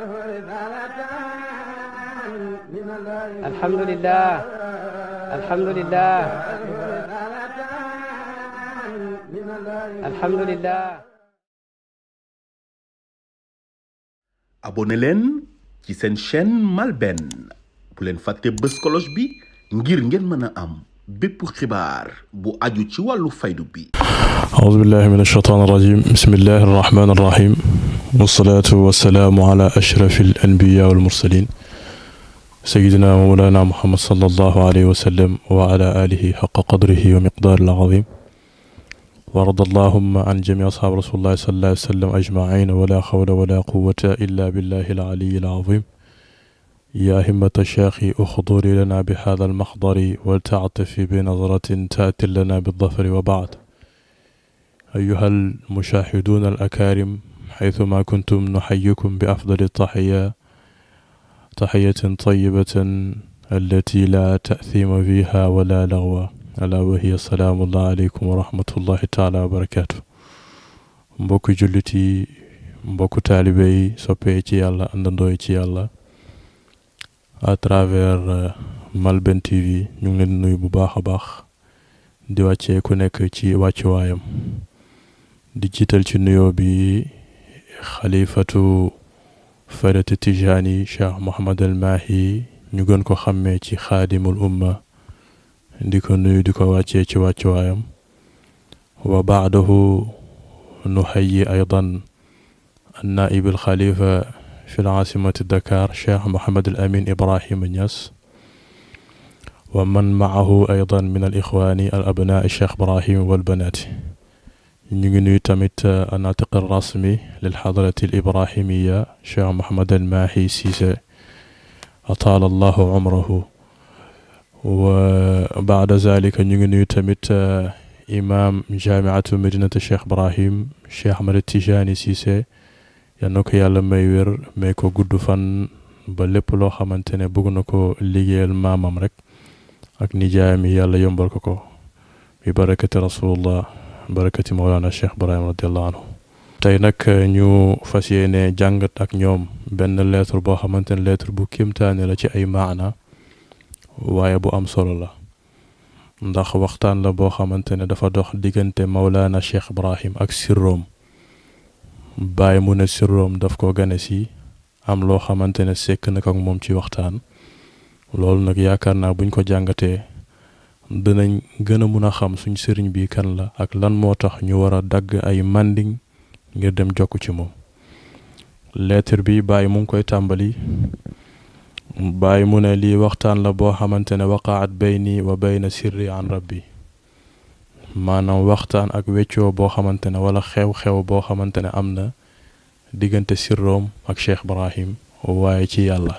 alhamdulilah alhamdulilah alhamdulilah. abonné leen ci seen chaîne MALBN bu leen fàtte bës cloche bi ngir ngeen mën a am bépp xibaar bu aju ci wàllu faydu bi. aouzu billahi min achaitan arrajim bismillahi arrahmani arrahim wasalaatu wasalaamu ala ashraf al anbiya wal mursalin sayidina mawlana muhammad salallahu alayhi wa sallam wa ala alihi xaqa qadrihi wa miqdaari al azim wa rada allahuma an jami asxaab rasulillahi salallahu alayhi wa sallam ajmain wala xawla wala quwata illa billahi al aliyi al azim يا همة الشيخ اخضري لنا بهذا المحضر ولتعطفي بنظرة تأتي لنا بالظفر وبعد أيها المشاهدون الأكارم حيثما كنتم نحييكم بأفضل التحية تحية طيبة التي لا تأثيم فيها ولا لغو ألا وهي السلام الله عليكم ورحمة الله تعالى وبركاته mbokku jullit yi mbokku taalibe yi soppee ci yàlla àndandooy ci yàlla à travers euh, Malben TV ñu ngi leen nuyu bu baax a baax di wàccee ku nekk ci wàccuwaayam di jiital ci nuyoo bi xalifatu faydati tijaani cheikh Mouhamad al Mahi ñu gën ko xàmmee ci xaadimul umma ko nuyu di ko wàccee ci wàccuwaayam wa baadahu nu aydan annaib al xalifa fi laasimati dakar cheikh Mouhamad al Amin Ibrahima Niass wa man maahu aydan min al ixwaani al Ibrahim wal banaati ñu ngi nuyu tamit euh, anatiq rasmi lil xadarati al ibrahimiya cheikh Mouhamed El Mahi Cissé ataala allahu umrahu wa baada zalika ñu ngi nuyu tamit euh, imam jamiatu madinati cheikh Ibrahim cheikh Ahmed Tijani Cissé yal na ko yàlla may wér may ko gudd fan ba lépp loo xamante ne bëgg na ko liggéeyal maamam rek ak nijaayam yi yàlla yombal bi barakati rasulullah barakati Mawlana Cheikh Ibrahim radiallahu tey nag eh, ñu fas yéene jàngat ak ñoom benn lettre boo xamante ne lettre bu kéemtaane la ci ay maana waaye bu am solo la ndax waxtaan la boo xamante ne dafa dox diggante Mawlana Cheikh Ibrahim ak sirroom bàyyi mu ne sirroom daf ko gane si am loo xamante ne sekk na ak moom ci waxtaan loolu nag yaakaar naa buñ ko jàngatee dinañ gën a mun a xam suñ sëriñ bi kan la ak lan moo tax ñu war a dagg ay manding ngir dem jokk ci moom lettre bi Baye mu ngi koy tàmbali Baye mu ne lii waxtaan la boo xamante ne waqaat bayni wa bayna sirri an rabbi maanaam waxtaan ak weccoo boo xamante ne wala xew-xew boo xamante ne am na diggante sirroom ak Cheikh Ibrahim waaye ci yàlla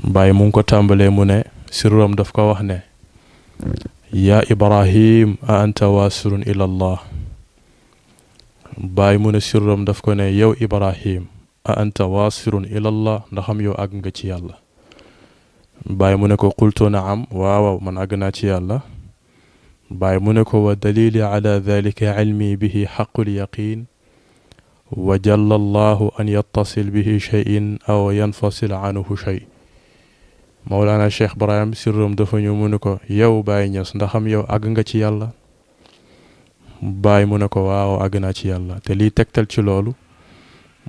Baye mu ngi ko tàmbalee mu ne sirroom daf ko wax ne yaa ibrahim a anta waasirun ila allah bàyyi mu ne sirram daf ko ne yow ibrahim a anta waasirun ila allah ndaxam yow àgg nga ci yàlla bàyyi mu ne ko qultu naam waawaaw man àgg naa ci yàlla bàyyi mu ne ko wa dalili ala dalika ilmi bihi xaqul yaqin wa jalla allahu an yattasil bihi cheyin aw yanfasil anhu chey Mawlana Cheikh Ibrahim siroom dafa ñëw mu ne ko yow Baye Niass ndaxam yow àgg nga ci yàlla Baye mu ne ko waaw àgg naa ci yàlla te liy tegtal ci loolu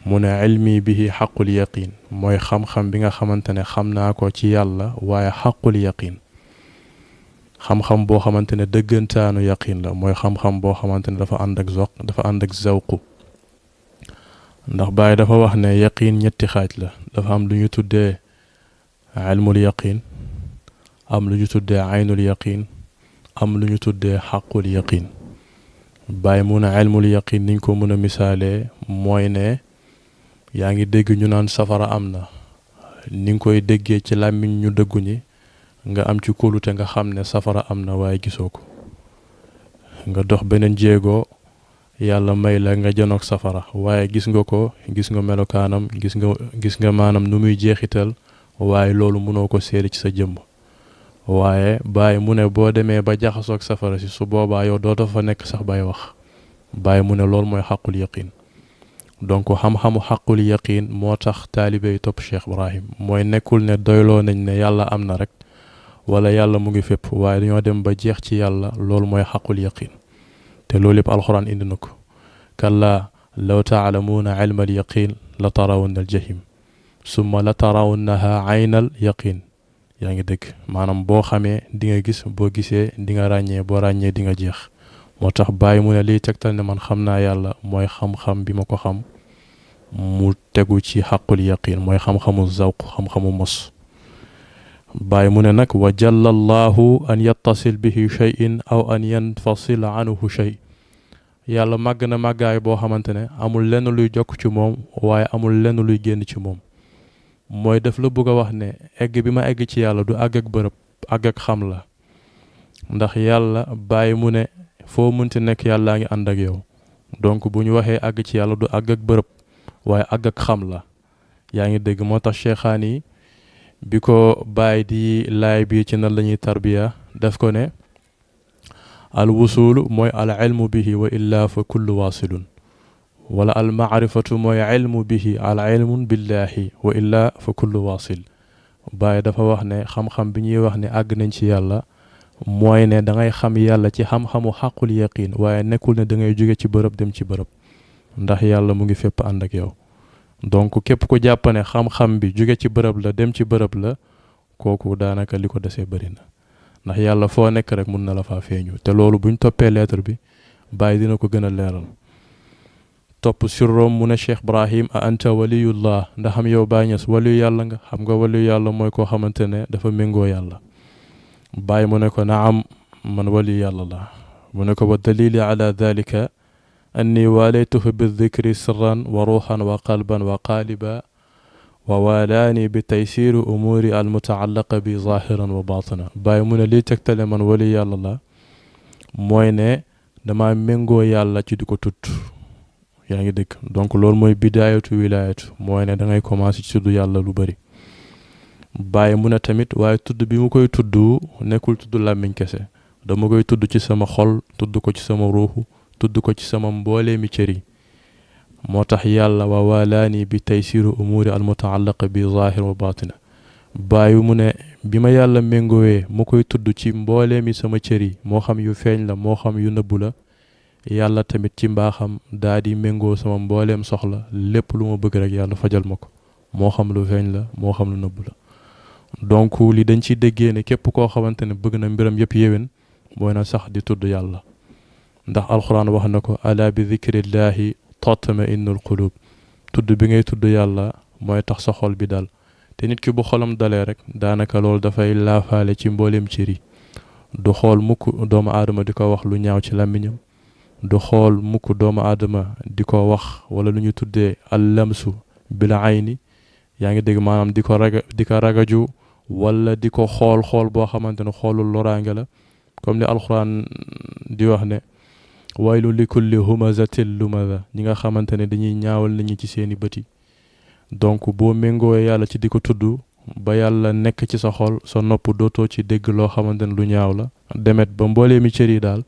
mu ne ilmi bihi xaqul yaqin mooy xam-xam bi nga xamante ne xam naa ko ci yàlla waaye xaqul yaqin xam-xam boo xamante ne dëggantaanu yaqin la mooy xam-xam boo xamante ne dafa ànd ak zoq dafa ànd ak zawqu ndax Baye dafa wax ne yaqin ñetti xaaj la dafa am lu ñu tuddee ilmul yaqin am lu ñu tuddee aynul yaqin am lu ñu tuddee xaqul yaqin bàyyi mun a ilmul yaqin niñ ko mën a misaalee mooy ne yaa ngi dégg ñu naan safara am na ni nga koy déggee ci làmmiñ ñu dëggu ñi nga am ci kóolute nga xam ne safara am na waaye gisoo ko nga dox beneen jéego yàlla may la nga janoog safara waaye gis nga ko gis nga melokaanam gis nga gis nga maanaam nu muy jeexital waaye loolu mënoo ko seeri ci sa jëmm waaye bàyyi mu ne boo demee ba jaxasoog safara si su boobaa yow dootoo fa nekk sax bay wax bàyyi mu ne loolu mooy xaqul yaqiin donc xam-xamu xaqul yaqiin moo tax taalibe yi topp Cheikh Ibrahim mooy nekkul ne doyloo nañ ne yàlla am na rek wala yàlla mu ngi fépp waaye dañoo dem ba jeex ci yàlla loolu mooy xaqul yaqiin te loolu yëpp alxuraan indi na ko kalla law taalamuuna ilmal yaqiin la tarawunna al jahim summa la na tarawnaha aynal yaqin yaa ngi dëgg maanaam boo xamee di nga gis boo gisee di nga ràññee boo ràññee di nga jeex moo tax bàyyi mu ne liy tegtal ne man xam naa yàlla mooy xam-xam bi ma ko xam mu tegu ci xaqul yaqin mooy xam-xamu zawq xam-xamu mos bàyyi mu ne nag wa jalla allahu an yattasil bihi cheyin aw an yanfasil anhu chey yàlla màgg na màggaay boo xamante ne amul lenn luy jokk ci moom waaye amul lenn luy génn ci moom mooy def la bëgg a wax ne egg bi ma egg ci yàlla du àgg ak bërëb àgg ak xam la ndax yàlla bàyyi mu ne foo munti nekk yàllaa ngi ànd ak yow donc bu ñu waxee àgg ci yàlla du àgg ak bërëb waaye àgg ak xam la yaa ngi dégg moo tax cheikhaan yi bi ko bàyyi di laay bi ci nan la ñuy tarbiya def ko ne al wusuulu mooy al ilmu bihi wa illa fa kullu waasilun wala al maarifatu mooy ilmu bihi al ilmun billahi wa illaa fa kullu waasil Baay dafa wax ne xam-xam bi ñuy wax ne àgg nañ ci yàlla mooy ne da ngay xam yàlla ci xam-xamu xàqul yaqiin waaye nekkul ne da ngay jóge ci bërëb dem ci bërëb ndax yàlla mu ngi fépp ànd ak yow donc képp ku jàpp ne xam-xam bi jóge ci bërëb la dem ci bërëb la kooku daanaka li ko desee bëri na ndax yàlla foo nekk rek mun na la faa feeñu te loolu buñ toppee lettre bi Baay dina ko gën a leeral topp surroom mu ne Cheikh Ibrahim a anta waliyullah ndax xam yow Baay Ñas yàlla nga xam nga waliyu yàlla mooy koo xamante ne dafa méngoo yàlla Baay mu ne ko naam man waliyu yàlla la mu ne ko wa dalili ala dalika anni waalaytuhu bidikri sirran wa wa qalban wa qaaliba wa waalaani bi taysiiri umuuri almutaallaqa bi zaahiran wa baatina Baay mu ne lii tegtale man waliyu yàlla la ne dama méngoo yàlla ci di ko tudd yaa ngi dégg donc loolu mooy bidaayatu wilaayatu mooy ne dangay ngay commencé ci tudd yàlla lu bëri baay mu ne tamit waaye tudd bi mu koy tudd nekkul tudd làmmiñ kese dama koy tudd ci sama xol tudd ko ci sama ruuxu tudd ko ci sama mboolee mi cër yi moo tax yàlla wa waalaani bi taysiru umuuri al mutaallaqa bi zaahir wa baatina bàyyi mu ne bi ma yàlla méngoowee mu koy tudd ci mboolee mi sama cër yi moo xam yu feeñ la moo xam yu na bula yàlla tamit ci mbaaxam daa di méngoo sama mbooleem soxla lépp lu ma bëgg rek yàlla fajal ma ko moo xam lu feeñ la moo xam lu nëbb la donc li dañ ci déggee ne képp koo xamante ne bëgg na mbiram yëpp yéwén mooy na sax di tudd yàlla ndax alxuraan wax na ko ala bi zikrillahi tatma innul qulub tudd bi ngay tudd yàlla mooy tax sa xool bi daal te nit ki bu xolam dalee rek daanaka loolu dafay laafaale ci mbooleem cër yi du xool mukk doomu aadama di ko wax lu ñaaw ci làmmiñam du xool mukk doomu aadama di ko wax wala lu ñu tuddee allamsu bila ni yaa ngi dégg maanaam di ko raga di ko ragaju wala di ko xool xool boo xamante ne xoolul loraange la comme ni alquran di wax ne waylu li kulli humazatin lumaza ñi nga xamante ne dañuy ñaawal nit ñi ci seeni bët yi donc boo méngooyee yàlla ci di ko tudd ba yàlla nekk ci sa xol sa nopp dootoo ci dégg loo xamante ne lu ñaaw la demet ba mboolee mi cër yi daal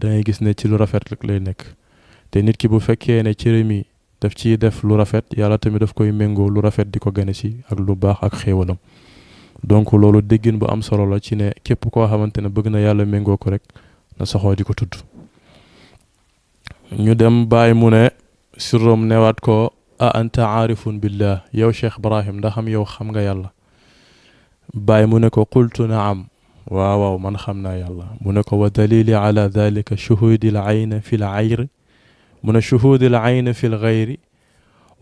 dangay gis ne ci lu rafet rek lay nekk te nit ki bu fekkee ne cëram mi daf ciy def lu rafet yàlla tamit daf koy méngoo lu rafet di ko gane si ak lu baax ak xéewalam donc loolu déggin bu am solo la ci ne képp koo xamante ne bëgg na yàlla méngoo ko rek na soxoo di ko tudd ñu dem baay mu ne surrom newaat ko a anta aarifun billah yow Cheikh Ibrahim ndaxam yow xam nga yàlla baay mu ne ko qultu naam waaw waaw man xam naa yàlla mu ne ko wa dalili ala dalika shuhudi l ayna fi l ayri mu ne shuhudi l ayna fi l gayri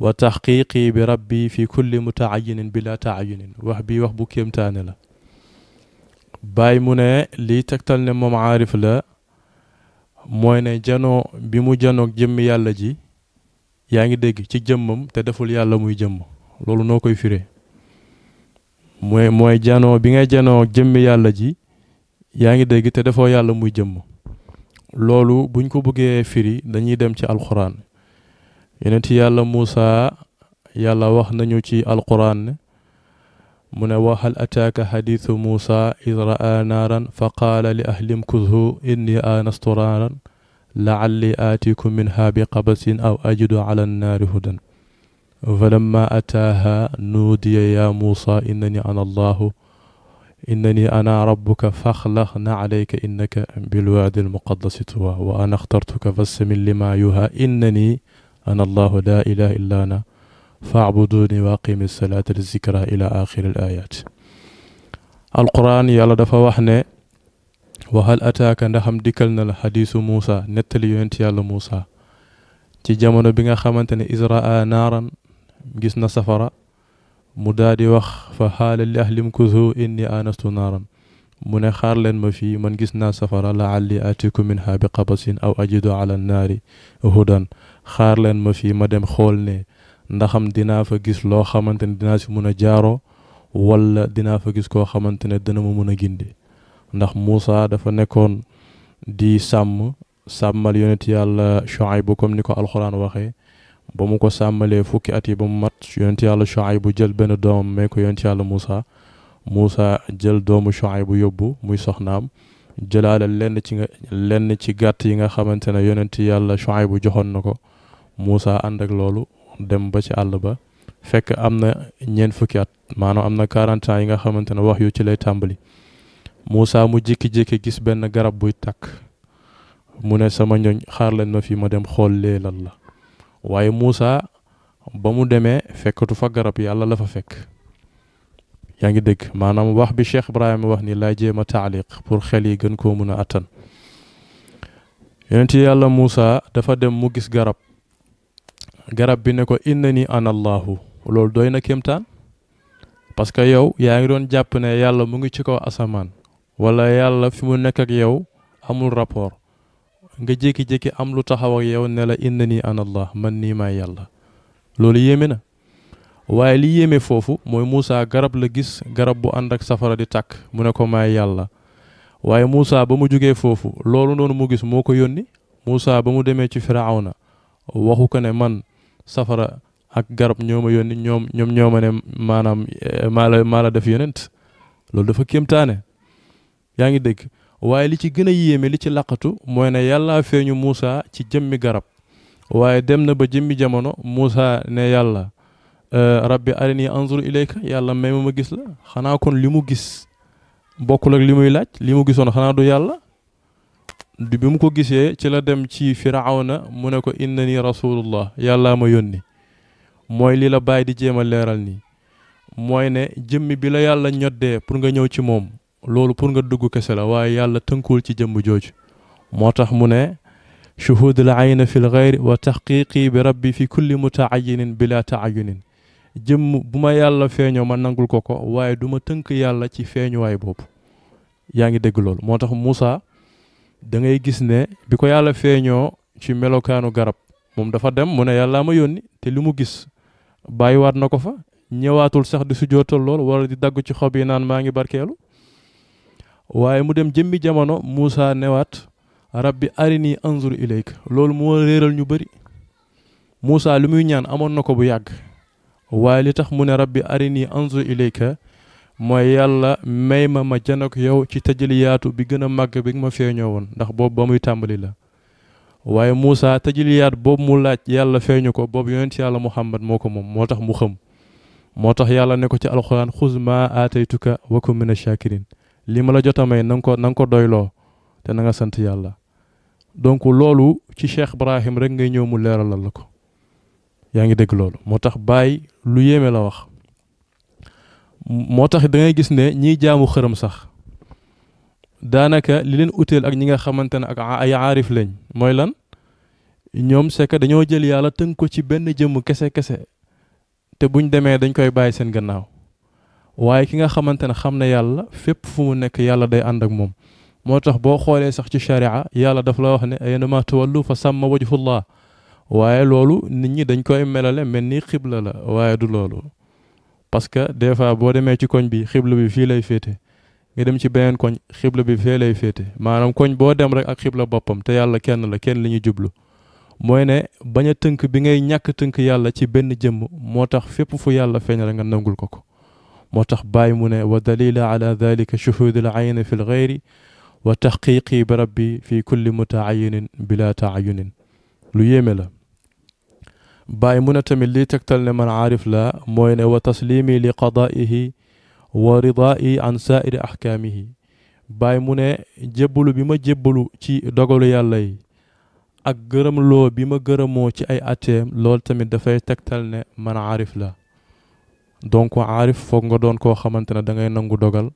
wa taxqiqi bi rabbi fi kulli mutaayinin bila taayunin wax bii wax bu kéemtaane la bàyyi mu ne liy tegtal ne moom aarif la mooy ne janoo bi mu janoog jëmm yàlla ji yaa ngi dégg ci jëmmam te deful yàlla muy jëmm loolu noo koy firee mooy mooy janoo bi ngay janoo jëmmi yàlla ji yaa ngi dégg te dafoo yàlla muy jëmm loolu buñ ko bëggee firi dañuy dem ci alquran yonent yàlla Muusa yàlla wax nañu ci alquran ne mu ne wa hal ataaka xadiisu Muusa id raa naaran fa qaala li ahlim kudhu inni anastu naaran laalli aatikum minha bi qabasin aw ajidu ala nnaari hudan falamma ataaha nuudiya yaa muusa innani ana allahu innani ana rabbuka faxlaxna alayka innaka bilwaadi almuqaddasi tuwa wa ana axtartuka fastamin lima yuha innani ana allahu laa ilaha illa ana faabuduni wa aqimi salaata li zikra ila axiri al ayat alquran yàlla dafa wax ne waxal ataaka ndaxam dikkal na la xadiisu muusa nettali yonent yàlla muusa ci jamono bi nga xamante ne israa naaran gis na safara mu daal di wax fa xaala li ahlim kusu inni anastu naaran mu ne xaar leen ma fii man gis naa safara la alli atiku minha bi qabasin aw ajidu ala naari hudan xaar leen ma fi ma dem xool ne ndaxam dinaa fa gis loo xamante ne dinaa si mun a jaaroo wala dinaa fa gis koo xamante ne dana ma mun a gindi ndax Moussa dafa nekkoon di sàmm sàmmal yonent yàlla Shuayb bu comme ni ko alxuraan waxee ba mu ko sàmmalee fukki at yi ba mu mat yonent yàlla Shuayb bu jël benn doomam may ko yonent yàlla Moussa Moussa jël doomu Shuayb bu yóbbu muy soxnaam jëlaale lenn ci nga lenn ci gàtt yi nga xamante ne yonent yàlla Shuayb bu joxoon na ko Moussa ànd ak loolu dem ba ci àll ba fekk am na ñeent fukki at maanaam am na 40 ans yi nga xamante ne wax yu ci lay tàmbali Moussa mu jékki-jékki gis benn garab buy takk mu ne sama ñoñ xaar leen ma fii ma dem xool lee la. waaye muusa ba mu demee fekkatu fa garab yàlla la fa fekk yaa ngi dégg maanaam wax bi Cheikh Ibrahima wax ni laa jéem a taaliq pour xel yi gën koo mun a attan yonent yàlla Moussa dafa dem mu gis garab garab bi ne ko nii ana Allahu loolu doy na kéemtaan parce que yow yaa ngi doon jàpp ne yàlla mu ngi ci kaw asamaan wala yàlla fi mu nekk ak yow amul rapport nga jékki-jékki am lu taxaw ak yow ne la inna nii an allah man nii maay yàlla loolu yéeme na waaye li yéeme foofu mooy muusa garab la gis garab bu ànd ak safara di tàkk mu ne ko may yàlla waaye muusa ba mu jugee foofu loolu noonu mu gis moo ko yónni muusa ba mu demee ci na waxu ko ne man safara ak garab ñoo ma yónni ñoom ñoom ñoo ma ne maanaam eh, maa la def yonent loolu dafa kéemtaane yaa ngi dégg waaye li ci gën a yéeme li ci laqatu mooy ne yàllaa feeñu Moussa ci jëmmi garab waaye dem na ba jëmmi jamono Moussa ne yàlla euh, rabbi arini anzur ilayka yàlla may ma ma gis la xanaa kon li mu gis bokkul ak li muy laaj li mu gisoon xanaa du yàlla bi mu ko gisee ci la dem ci firawna mu ne ko innani rasulullah yàllaa ma yónni mooy li la bàyyi di jéem a leeral nii mooy ne jëmmi bi la yàlla ñoddee pour nga ñëw ci moom loolu pour nga dugg kese la waaye yàlla tënkuwul ci jëmm jooju moo tax mu ne shuhud al ayna fi l gayr wa taxqiqi bi rabbi fi kulli mutaayinin bila taayunin jëmm bu ma yàlla feeñoo ma nangul ko ko waaye du ma tënk yàlla ci feeñuwaay boobu yaa ngi dégg lool moo tax Moussa da ngay gis ne bi ko yàlla feeñoo ci melokaanu garab moom dafa dem mu ne yàllaa ma yónni te li mu gis bàyyiwaat na ko fa ñëwaatul sax di sujjootal lool wala di dagg ci xob yi naan maa ngi barkeelu waaye mu dem jëmmi jamono Muusa newaat rabbi arini anzur ilayk loolu moo réeral ñu bëri Muusa lu muy ñaan amoon na ko bu yàgg waaye li tax mu ne rabbi arini anzur ilayka mooy yàlla may ma ma janok yow ci tajaliyaatu bi gën a màgg bi ma feeñoo woon ndax boobu ba muy tàmbali la waaye Muusa tajaliyaat boobu mu laaj yàlla feeñu ko boobu yonent yàlla Muhammad moo ko moom moo tax mu xëm moo tax yàlla ne ko ci alxuraan xuz ma aataytuka wa kun mina lii ma la jot a may na nga ko na nga ko doyloo te nanga sant yàlla donc loolu ci Cheikh Ibrahim rek ngay ñëw mu leeralal la ko yaa ngi dégg loolu moo tax Baye lu yéeme la wax moo tax dangay gis ne ñiy jaamu xërëm sax daanaka li leen uteel ak ñi nga xamante ne ak ay aarif lañ mooy lan ñoom c'est dañoo jël yàlla tëng ko ci benn jëmm kese kese te buñ demee dañ koy bàyyi seen gannaaw. waaye ki nga xamante ne xam na yàlla fépp fu mu nekk yàlla day ànd ak moom moo tax boo xoolee sax ci sharia yàlla daf la wax ne aynama tuwallu fa sàmma wajhullah waaye loolu nit ñi dañ koy melale mel nii xibla la waaye du loolu parce que des fois boo demee ci koñ bi xiblu bi fii lay féete nga dem ci beneen koñ xiblu bi fee lay féete maanaam koñ boo dem rek ak xibla boppam te yàlla kenn la kenn li ñu jublu mooy ne bañ a tënk bi ngay ñàkk tënk yàlla ci benn jëmm moo tax fépp fu yàlla feeñ rek nga nangul ko ko moo tax bàyyi mu ne wa dalila ala dalika shuhudul ayni fi lgayri wa taxqiqi bi rabbi fi kulli mutaayinin bila taayunin lu yéeme la bàyyi mu ne tamit lii tegtal ne man aarif la mooy ne wa taslimi li qadaihi wa ridaa'i an saairi ahkaamihi bàyyi mu ne jébbalu bi ma jébbalu ci dogalu yàlla yi ak gërëmloo bi ma gërëmoo ci ay atteem loolu tamit dafay tegtal ne man aarif la donc aarif foog nga doon koo xamante ne da nangu dogal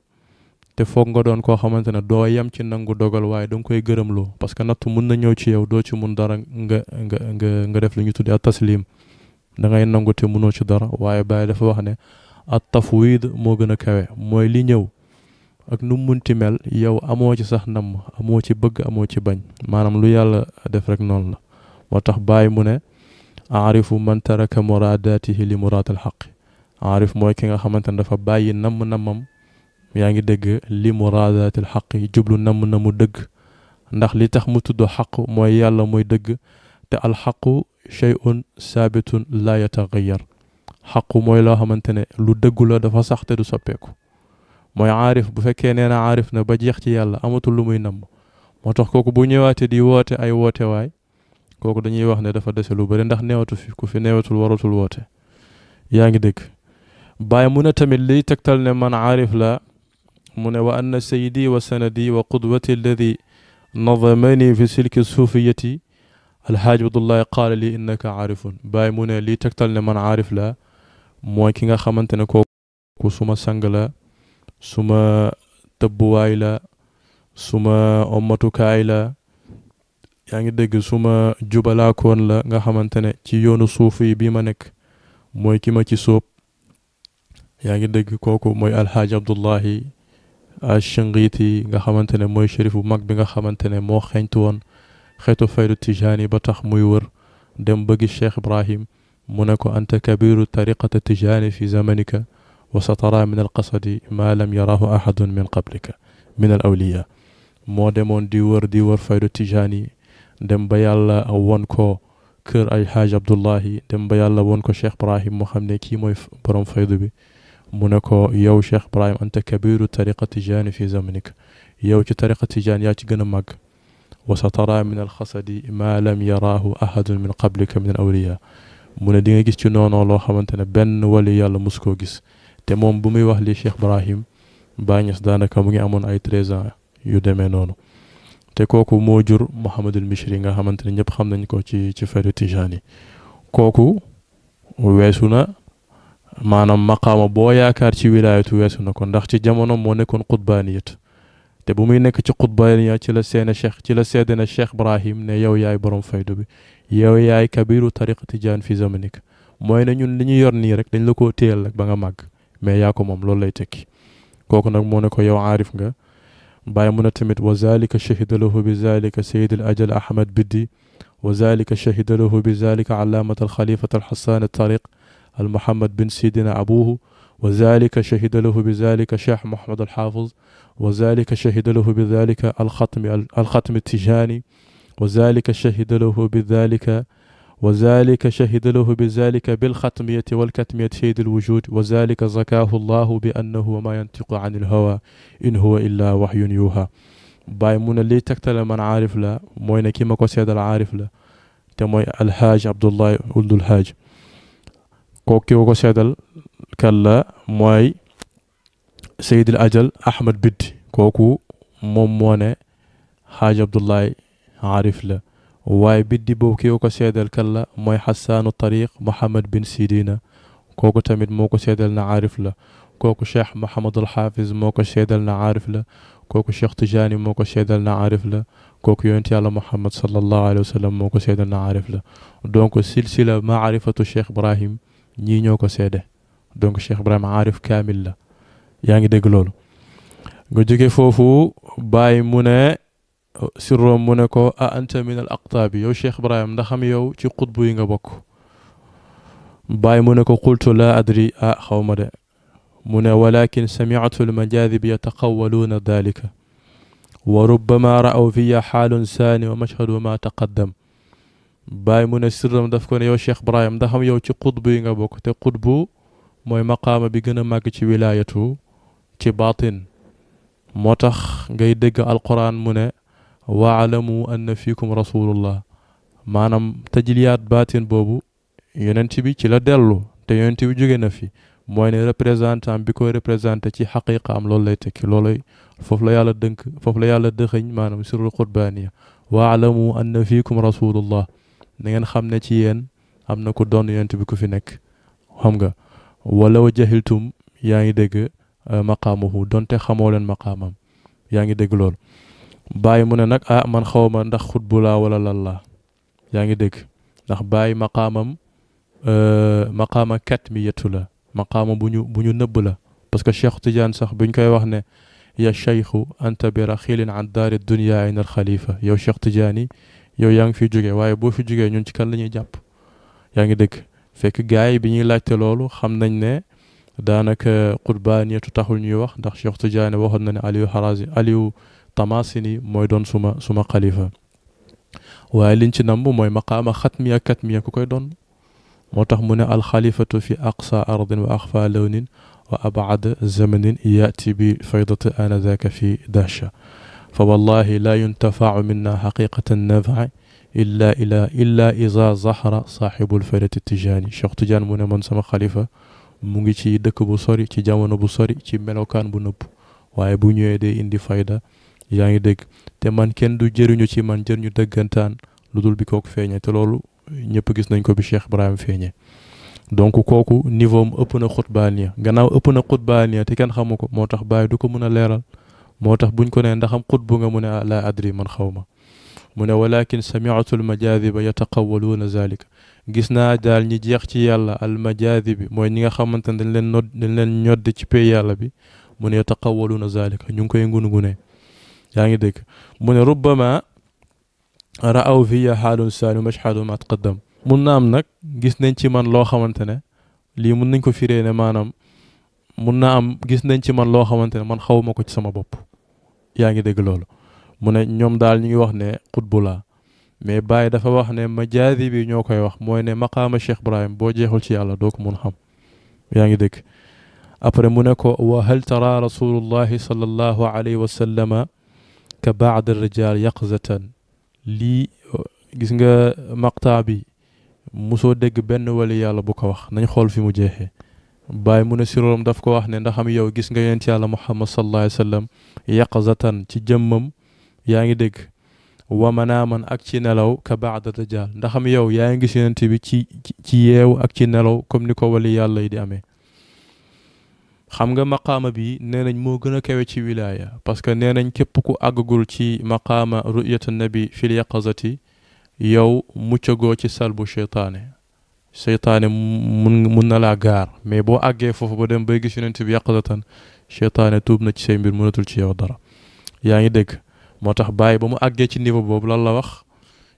te foog nga doon koo xamante ne doo yem ci nangu dogal waaye da nga koy gërëmloo parce que natt mun na ñëw ci yow doo ci mun dara nga nga nga nga def lu ñu tuddee at taslim da ngay nangu te munoo ci dara waaye Baye dafa wax ne at tafwid moo gën a kawe mooy li ñëw ak nu mun munti mel yow amoo ci sax namm amoo ci bëgg amoo ci bañ maanaam lu yàlla def rek noonu la moo tax Baye mu ne aarifu man taraka muraadaatihi li muraad al xaq arif mooy ki nga xamante ne dafa bàyyi namm-namam yaa ngi dégg li muraadatil xaq yi jublu namm-namu dëgg ndax li tax mu tudd xaq mooy yàlla mooy dëgg te alxaqu cheyun saabitun laa yataxayar xaqu mooy loo xamante ne lu dëggu dafa sax te du soppeeku mooy aarif bu fekkee nee na na ba jeex ci yàlla amatul lu muy namm moo tax kooku bu ñëwaatee di woote ay woote waay kooku dañuy wax ne dafa dese lu bëri ndax neewatu fi ku fi neewatul waratul woote yaa ngi dégg bàyyi mu ne tamit liy tegtal ne man aarif la mu ne wa anna seydi wa sanadi wa qudwati alladi nadamani fi silki suufiyati alhaaj abdullahi qaala li innaka aarifun bàyyi mu ne liy tegtal ne man aarif la mooy ki nga xamante ne kooku suma sang la suma tëbbuwaay la suma ommatukaay la yaa ngi dégg suma jubalaakoon la nga xamante ne ci yoonu suufi bi ma nekk mooy ki ma ci sóob yaa ngi dégg kooku mooy alxaaji abdullahi ashingiiti nga xamante ne mooy shérif bu mag bi nga xamante ne moo xeeñtu woon xeetu faydu tijaani ba tax muy wër dem ba gis cheikh ibrahim mu ne ko anta kabiru tariqata tijaani fi zamanika wa sa tara min al qasadi ma lam yarahu ahadun min qablika min al awliya moo demoon di wër di wër faydu tijaani dem ba yàlla won ko kër ay xaaj abdullahi dem ba yàlla won ko cheikh ibrahim moo xam ne kii mooy borom faydu bi mu ne ko yow Cheikh Ibrahim anta kabiru tariqa tijaani fi zamanik yow ci tariqa tijaan yaa ci gën a màgg wa sa tara min alxasadi ma lam yaraahu ahadun min qablika min al awliya mu ne di nga gis ci noonu loo xamante ne benn wali yàlla mus koo gis te moom bu muy wax li Cheikh baa Baay Ñas daanaka mu ngi amoon ay treize ans yu demee noonu te kooku moo jur Mouhamadul Mishri nga xamante ne ñëpp xam nañ ko ci ci feru tijaan yi kooku weesu maanaam maqaama boo yaakaar ci wilaayatu weesu na ko ndax ci jamono moo nekkoon xutbaaniyat te bu muy nekk ci xutbaaniya ci la seene cheikh ci la seedene cheikh Ibrahim ne yow yaay borom faydu bi yow yaay kabiru tariqa tijaan fi zamanik mooy ne ñun li ñu yor nii rek dañ la koo téyal rek ba nga màgg mais yaa ko moom loolu lay tekki kooku nag moo ne ko yow aarif nga bàyyi mu ne tamit wa zalika shahida lahu bi zalika sayid al ajal ahmad biddi wa zalika shahida lahu bi zalika alaamat alxalifat alxasan altariq al muhammad bin sidina abuhu wa zalika shahida lahu bi zalika cheikh mohamad al hafiz wa zalika shahida lahu bi zalika al xatmi al xatmi tijani wa zalika shahida lahu bi zalika wa zalika shahida lahu bi zalika bil xatmiyati wal katmiyati shahid al wujud wa zalika zakahu llahu bi annahu wa ma yantiqu an al hawa in huwa illa wahyun yuha Baay mu ne liy tegtale man aarif la mooy ne ki ma ko seedal aarif la te mooy alhaaj Abdullahi Ould Hadj kooku ki ko seedal kan la mooy Seydil Ajal Ahmad Biddi kooku moom moo ne Xaaj Abdullahi Arif la waaye Biddi boobu ki ko seedal kan la mooy Xassaanu Tariq Mohamed bin Sidina kooku tamit moo ko seedal na Arif la kooku Cheikh Mohamed al Xaafis moo ko seedal na Arif la kooku Cheikh Tijaani moo ko seedal na Arif la kooku yonent yàlla Mohamed sallallahu alayhi wa seedal na Arif la donc silsila maarifatu Cheikh Ibrahim ñii ñoo ko seede donc Cheikh Ibrahima aarif kaamil la yaa ngi dégg loolu nga jóge foofu bàyyi mu ne sirroom mu ne ko a anta min al aqtaabi yow Cheikh Ibrahima ndaxam am yow ci xutbu yi nga bokk bàyyi mu ne ko qultu laa adri ah xaw ma de mu ne walakin samiatu almajaadib yataqawaluuna dalika wa rubbama ra'aw fiya xaalun saani wa mashhadu ma taqaddam bàyyi mu ne sirram daf ko ne yow Cheikh Ibrahim ndax am yow ci xutbu yi nga bokk te xutbu mooy maqaama bi gën a màgg ci wilaayatu ci baatin moo tax ngay dégg alquran mu ne waalamu anna fiikum rasulullah maanaam tajliyaat baatin boobu yonent bi ci la dellu te yonent bi jóge na fi mooy ne représentant bi koy représenté ci xaqiqa am loolu lay ki loolay foofu la yàlla dënk foofu la yàlla dëxëñ maanaam sirru qurbaaniya waalamu anna fiikum rasulullah na ngeen xam ne ci yéen am na ku doon yonent bi ku fi nekk xam nga walla jahiltum yaa ngi dégg euh, maqaamuhu donte xamoo leen maqaamam yaa ngi dégg lool bàyyi mu ne nag ah man xaw ma ndax xutbu laa wala lan laa yaa ngi dégg ndax bàyyi maqaamam euh, maqaama kat mi yettu la maqaama bu ñu bu ñu nëbb la parce que Cheikh Tidiane sax buñ koy wax ne ya cheikhu anta bi raxilin an daari dunia ayna al xalifa yow Cheikh Tidiane yow yaa ngi fiy jógee waaye boo fi jógee ñun ci kan la ñuy jàpp yaa ngi dëgg fekk gaay bi ñuy laajte loolu xam nañ ne daanaka qurbaaniyatu taxul ñuy wax ndax Cheikh Tidiane waxoon na ne Aliou Harazi Aliou Tamasini mooy doon suma suma xalifa waaye liñ ci namb mooy maqaama xatmiya katmiya ku koy doon moo tax mu ne alxalifatu fi aqsa ardin wa axfa lawnin wa abad zamanin yaati bi faydati anadaka fi dahsha fa wallahi laa yuntafaacu minna xaqiqata nafaci illa illa illa isa zahra saaxibul faydati tijaani Cheikh Tidiane mu ne man sama xalifa mu ngi ci dëkk bu sori ci jamono bu sori ci melokaan bu nëpp waaye bu ñëwee day indi fayda yaa ngi dégg te man kenn du jëriñu ci man jëriñu dëggantaan lu dul bi kooku feeñe te loolu ñëpp gis nañ ko bi Cheikh Ibrahim feeñe donc kooku niveau am ëpp na xutbaaniya gannaaw ëpp na xutbaaniya te kenn xamu ko moo tax ba du ko mën a leeral moo tax buñ ko nee ndaxam xutbu nga mu ne laa adri man xaw ma mu ne walakin samiatu almajaadiba yataqawaluuna zalika gis naa daal ñi jeex ci yàlla almajaadi bi mooy ñi nga xamante ne dañ leen nod dañ leen ñodd ci pay yàlla bi mu ne yataqawaluuna zalika ñu ngi koy ngunu-ngune yaa ngi dégg mu ne rubbama ra'aw fiya xaalun saani mashhadu maat taqaddam mun na am nag gis nañ ci man loo xamante ne lii mun nañ ko firee ne maanaam mun naa am gis nañ ci man loo xamante ne man xaw ko ci sama bopp yaa ngi dégg loolu mu ne ñoom daal ñu ngi wax ne xutbu laa mais Baye dafa wax ne majaazi bi ñoo koy wax mooy ne maqaama Cheikh Ibrahim boo jeexul ci yàlla doo ko mun xam yaa ngi dégg après mu ne ko wa hal tara rasulullahi sallallahu alayhi wa sallama ka baad rijal yaqzatan lii gis nga maqtaa bi mosoo dégg benn wali yàlla bu ko wax nañ xool fi mu jeexee bàyyi mu ne siroom daf ko wax ne ndax am yow gis nga yonent yàlla muhammad sallallahu alayhi wa sallam ci jëmmam yaa ngi dégg wa man ak ci nelaw ka baada dajaal ndax yow yaa ngi gis yonent bi ci ci yeew ak ci nelaw comme ni ko wali yàlla yi di amee xam nga maqaama bi nee nañ moo gën a kawe ci wilaaya parce que nee nañ képp ku àggagul ci maqaama ruyatu nabi fil yaqazati yow muccagoo ci salbu cheytaane seytaane mun mun na laa gaar mais boo àggee foofu boo dem bay gis yonent bi yàqdatan seytaane tuub na ci say mbir mënatul ci yow dara yaa ngi dégg moo tax bàyyi ba mu àggee ci niveau boobu lan la wax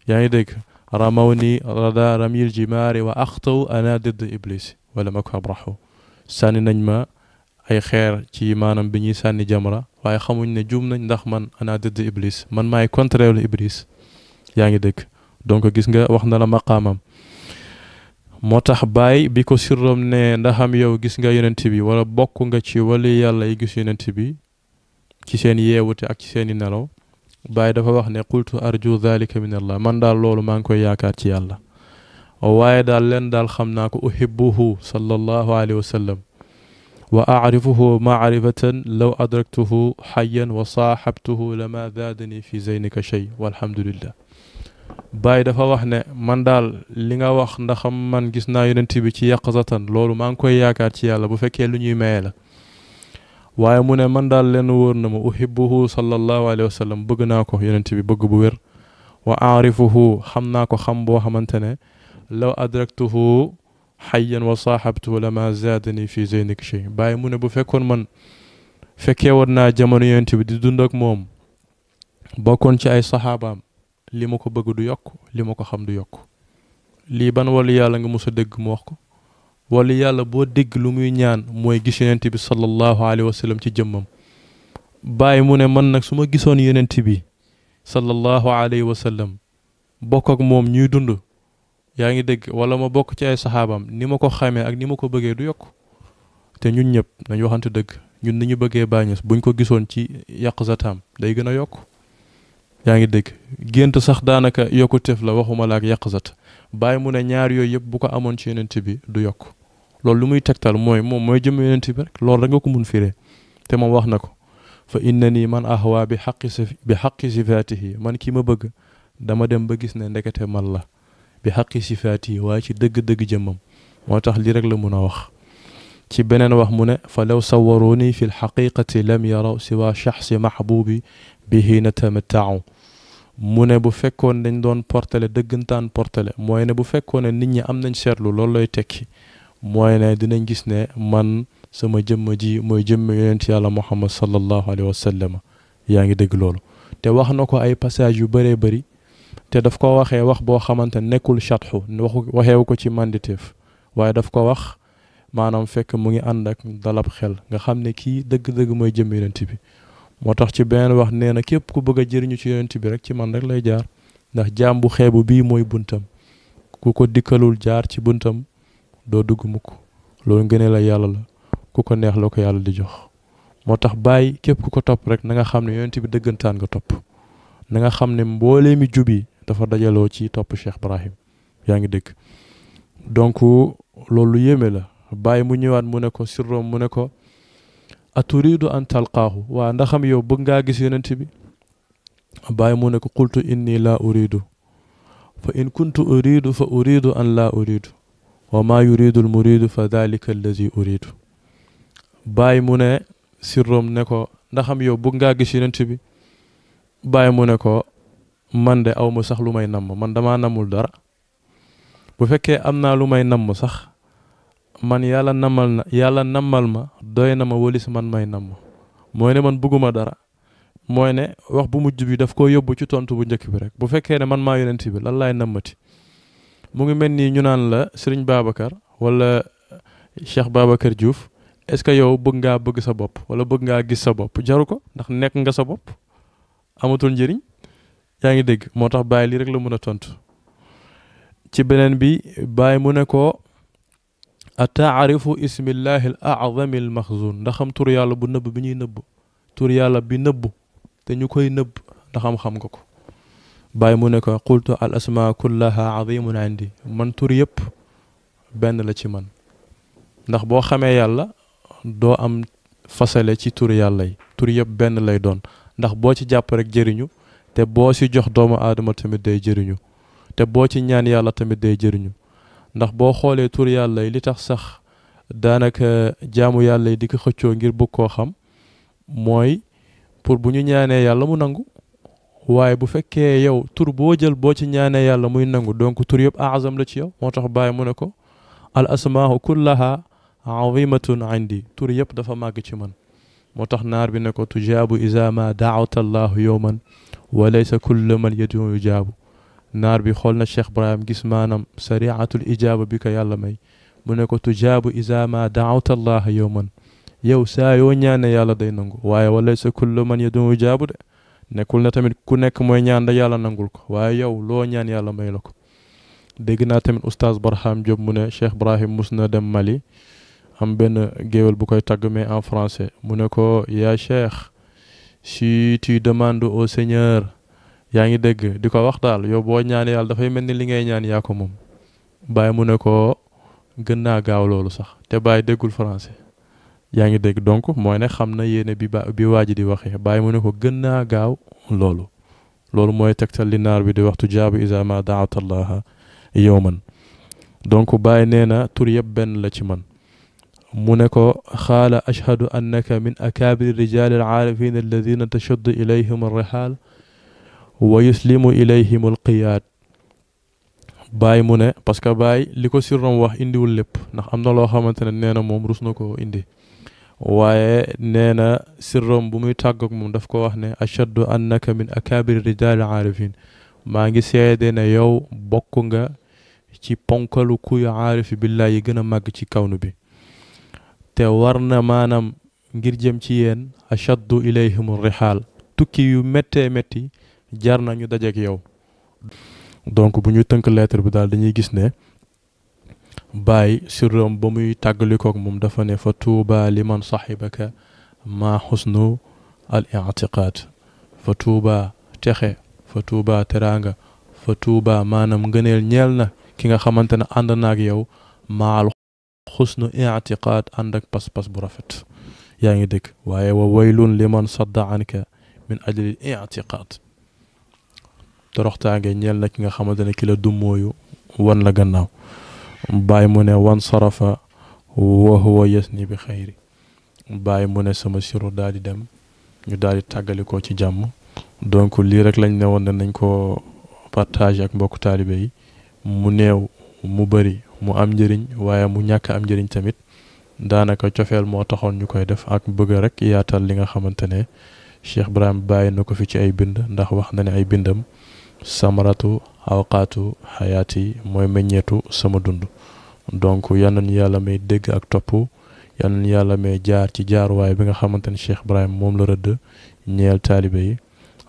yaa ngi dégg ramaw ni rada ramil jimaari wa taw ana didd iblis wala ma ko abrahu sànni nañ ma ay xeer ci maanaam bi ñuy sànni jamra waaye xamuñ ne juum nañ ndax man ana didd iblis man maay contraire lu iblis yaa ngi dégg donc gis nga wax na la maqaamam moo tax baay bi ko sirram ne ndaxam yow gis nga yonent bi wala bokk nga ci wali yàlla yi gis yonent bi ci seen yeewute ak ci seen i nelaw baay dafa wax ne qultu arju dhalika min allah man daal loolu maa ngi koy yaakaar ci yàlla waaye daal leen daal xam naa ko uhibbuhu sallallahu alayhi wa sallam wa aarifuhu maarifatan law adraktuhu xayan wa saaxabtuhu lama zaadani fi zeynika shay walhamdulillah Baye dafa wax ne man daal li nga wax ndax man gis naa yonent bi ci yàqzatan loolu maa ngi koy yaakaar ci yàlla bu fekkee lu ñuy maye la waaye mu ne man daal lenn wóor na ma uhibbuhu sallallahu alayhi wa sallam bëgg naa ko yonent bi bëgg bu wér wa aarifuhu xam naa ko xam boo xamante ne law adraktuhu xayyan wa saaxabtuhu lama zaadani fi zeynik shay Baye mu ne bu fekkoon man fekkee woon naa jamono yonent di dund ak moom bokkoon ci ay saxaabaam li ma ko bëgg du yokk li ma ko xam du yokk lii ban wàllu yàlla nga mos a dégg mu wax ko wàllu yàlla boo dégg lu muy ñaan mooy gis yonent bi sallallahu alayhi wa ci jëmmam bàyyi mu ne man nag su ma gisoon yonent bi sallallahu alayhi wa bokk ak moom ñuy dund yaa ngi dégg wala ma bokk ci ay saxaabam ni ma ko xamee ak ni ma ko bëggee du yokk te ñun ñëpp nañu waxante dëgg ñun ni ñu bëggee bàññees buñ ko gisoon ci yàq zataam day gën a yokk yaa ngi dégg gént sax daanaka yokkuteef la waxuma la ak yàqsat bàyyi mu ne ñaar yooyu yëpp bu ko amoon ci yonent bi du yokk lool lu muy tegtal mooy moom mooy jëm yonent bi rek loolu rek ko mun firee te moom wax na ko fa inna nii man ahwa bi xaqi bi xaqi sifaatihi man kii ma bëgg dama dem ba gis ne ndekete man la bi xaqi sifaatihi waaye ci dëgg-dëgg jëmmam moo tax lii rek la mun a wax ci beneen wax mu ne fa law sawaruu nii fi lxaqiqati lam yaraw siwa shaxsi maxbuubi bihi natamataau mu ne bu fekkoon dañ doon portele dëggantaan portele mooy ne bu fekkoon ne nit ñi am nañ seetlu loolu lay tekki mooy ne dinañ gis ne man sama jëmm ji mooy jëmm yonent yàlla muhammad sallallahu alayhi wa sallam yaa ngi dégg loolu te wax na ko ay passage yu bëree bëri te daf ko waxee wax boo xamante nekkul chatxu waxu waxeewu ko ci manditeef waaye daf ko wax maanaam fekk mu ngi ànd ak dalab xel nga xam ne kii dëgg-dëgg mooy jëmm yonent bi moo tax ci benn wax nee na képp ku bëgg a jëriñu ci yonent bi rek ci man rek lay jaar ndax jaam bu xeebu bii mooy buntam ku ko dikkalul jaar ci buntam doo dugg mukk loolu ngënee la yàlla la ku ko neex loo ko yàlla di jox moo tax bàyyi képp ku ko topp rek na nga xam ne yonent bi dëggantaan nga topp na nga xam ne mboolee mi jub yi dafa dajaloo ci topp Cheikh Ibrahim yaa ngi dégg donc loolu yéeme la bàyyi mu ñëwaat mu ne ko sirroom mu ne ko aturidu an talqaahu waa ndaxam yow bëgg ngaa gis yonent bi bàyyi mu ne ko qultu inni laa uridu fa in kuntu uridu fa uridu an laa uridu wa maa yuridu al fa dalika allazi uridu bàyyi mu ne sirrom ne ko ndaxam yow bëgg ngaa gis yonent bi bàyyi mu ne ko man de aw ma sax lu may namm man dama namul dara bu fekkee am naa lu may namm sax man yàlla namal na yàlla namal ma doy na ma walis man may nam mooy ne man bugguma dara mooy ne wax bu mujj bi daf koo yóbbu ci tontu bu njëkk bi rek bu fekkee ne man maa yonent bi lan laay nammati mu ngi mel nii ñu naan la Serigne Babacar wala Cheikh Babacar Diouf est-ce que yow bëgg ngaa bëgg sa bopp wala bëgg ngaa gis sa bopp jaru ko ndax nekk nga sa bopp amatul njëriñ yaa ngi dégg moo tax bàyyi lii rek la mën a tontu ci beneen bi bàyyi mu ne ataarifu ismillahi l aazami l a ndax xam tur yàlla bu nëbb bi ñuy nëbb tur yàlla bi nëbb te ñu koy nëbb ndax xam-xam ko bàyyi mu ne ko qultu al asma kullaha azimun indi man tur yëpp benn la ci man ndax boo xamee yàlla doo am fasale ci tur yàlla yi tur yëpp benn lay doon ndax boo ci jàpp rek jëriñu te boo ci jox doomu aadama tamit day jëriñu te boo ci ñaan yàlla tamit day jëriñu ndax boo xoolee tur yàlla yi li tax sax daanaka jaamu yàlla yi di ko xëccoo ngir bëgg koo xam mooy pour bu ñu ñaanee yàlla mu nangu waaye bu fekkee yow tur boo jël boo ci ñaanee yàlla muy nangu donc tur yëpp azam la ci yow moo tax bàyyi mu ne ko al asmaahu kullaha azimatun indi tur yëpp dafa màgg ci man moo tax naar bi ne ko tujaabu isa ma daawata allahu yowman wa laysa kullu man yu jaabu naar bi xool na cheikh ibrahim gis maanaam sariatul ijaaba bi ko yàlla may mu ne ko tujaabu isa ma daawta allaha yowman yow saa yoo ñaane yàlla day nangu waaye wala sa kullu man yaduu jaabu de nekkul na tamit ku nekk mooy ñaan da yàlla nangul ko waaye yow loo ñaan yàlla may la ko dégg naa tamit oustaz Barham Diop mu ne Cheikh Ibrahim mus na dem Mali am benn géwél bu koy tagg mais en français mu ne ko yaa Cheikh si tu demand au Seigneur yaa ngi dégg di ko wax daal yow boo ñaan yàlla dafay mel ni li ngay ñaan yaako ko moom bàyyi mu ne ko gën naa gaaw loolu sax te baay déggul français yaa ngi dégg donc mooy ne xam na yéene bi ba waa ji di waxe baay mu ne ko gën naa gaaw loolu loolu mooy tegtal li naar bi di waxtu jaabu isa ma daawat allaha yow man donc bàyyi nee na tur yëpp benn la ci man mu ne ko xaala ashhadu annaka min akaabiri rijaali al aarifin alladina tashaddu ilayhim alrihaal wa yuslimu ilayhimul baay mu ne parce que baay li ko sirram wax indiwul lépp ndax am na loo xamante ne nee na moom rus na koo indi waaye nee na sirram bu muy tàgg ak moom daf ko wax ne ashaddu annaka min akabiri rijaali aarifin maa ngi seede na yow bokk nga ci ponkalu kuy aarifi billah yi gën a màgg ci kawnu bi te war na maanaam ngir jëm ci yéen ashaddu ilayhimul rihaal tukki yu méttee métti jar nañu ñu dajeek yow. donc bu ñu tënk lettre bi daal dañuy gis ne Baye surram ba muy tàggalikook moom dafa ne fa tuuba liman sahibaka ma xusnu al i'tiqaad fa tuuba texe fa tuuba teraanga fa tuuba maanaam ngëneel ñeel na ki nga xamante ne ànd naak yow maal xusnu i'tiqaad ànd ak pas-pas bu rafet yaa ngi dëkk waaye wa waylun liman sadda anka min ajli i'tiqaad toroxtaange ñeel na ki nga xamante ne ki la dummóoyu wan la gannaaw bàyyi mu ne wan sarafa wa huwa yasni bi xayri bàyyi mu ne sama siru daal di dem ñu daal di tàggalikoo ci jàmm donc lii rek lañ ne woon ne nañ koo partage ak mbokku taalibe yi mu néew mu bëri mu am njëriñ waaye mu ñàkk am njëriñ tamit daanaka cofeel moo taxoon ñu koy def ak bëgg rek yaatal li nga xamante ne Cheikh Ibrahim bàyyi na ko fi ci ay bind ndax wax na ne ay bindam samaratu awqaatu xayaati mooy meññeetu sama dund donc yal nañu yàlla may dégg ak topp yal nañu yàlla may jaar ci jaaruwaay bi nga xamante ne Cheikh Ibrahim moom la rëdd ñeel taalibe yi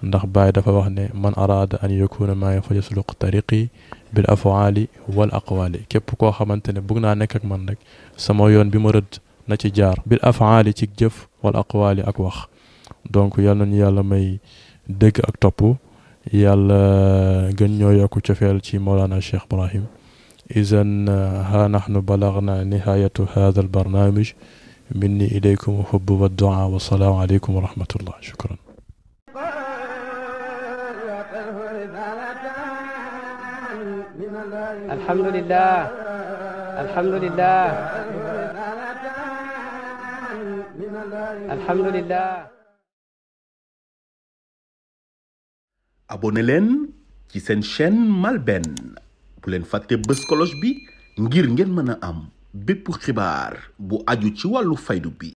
ndax Baay dafa wax ne man araada an yakuna maay fa yasluq tariqi bil afwaali wal aqwaali képp koo xamante ne bugg naa nekk ak man rek sama yoon bi ma rëdd na ci jaar bil afwaali ci jëf wal aqwaali ak wax donc yal nañu yàlla may dégg ak topp yàlla gën ñoo yokku cofeel ci Mawlana Cheikh Ibrahim izan ha nahnu balagna nihayatu hadha al minni ilaykum hubbu wa du'a wa salaamu aleykum wa rahmatullah shukran abone leen ci seen chaîne malben bu leen fàtte bës cloche bi ngir ngeen mën a am bépp xibaar bu aju ci wàllu faydu bi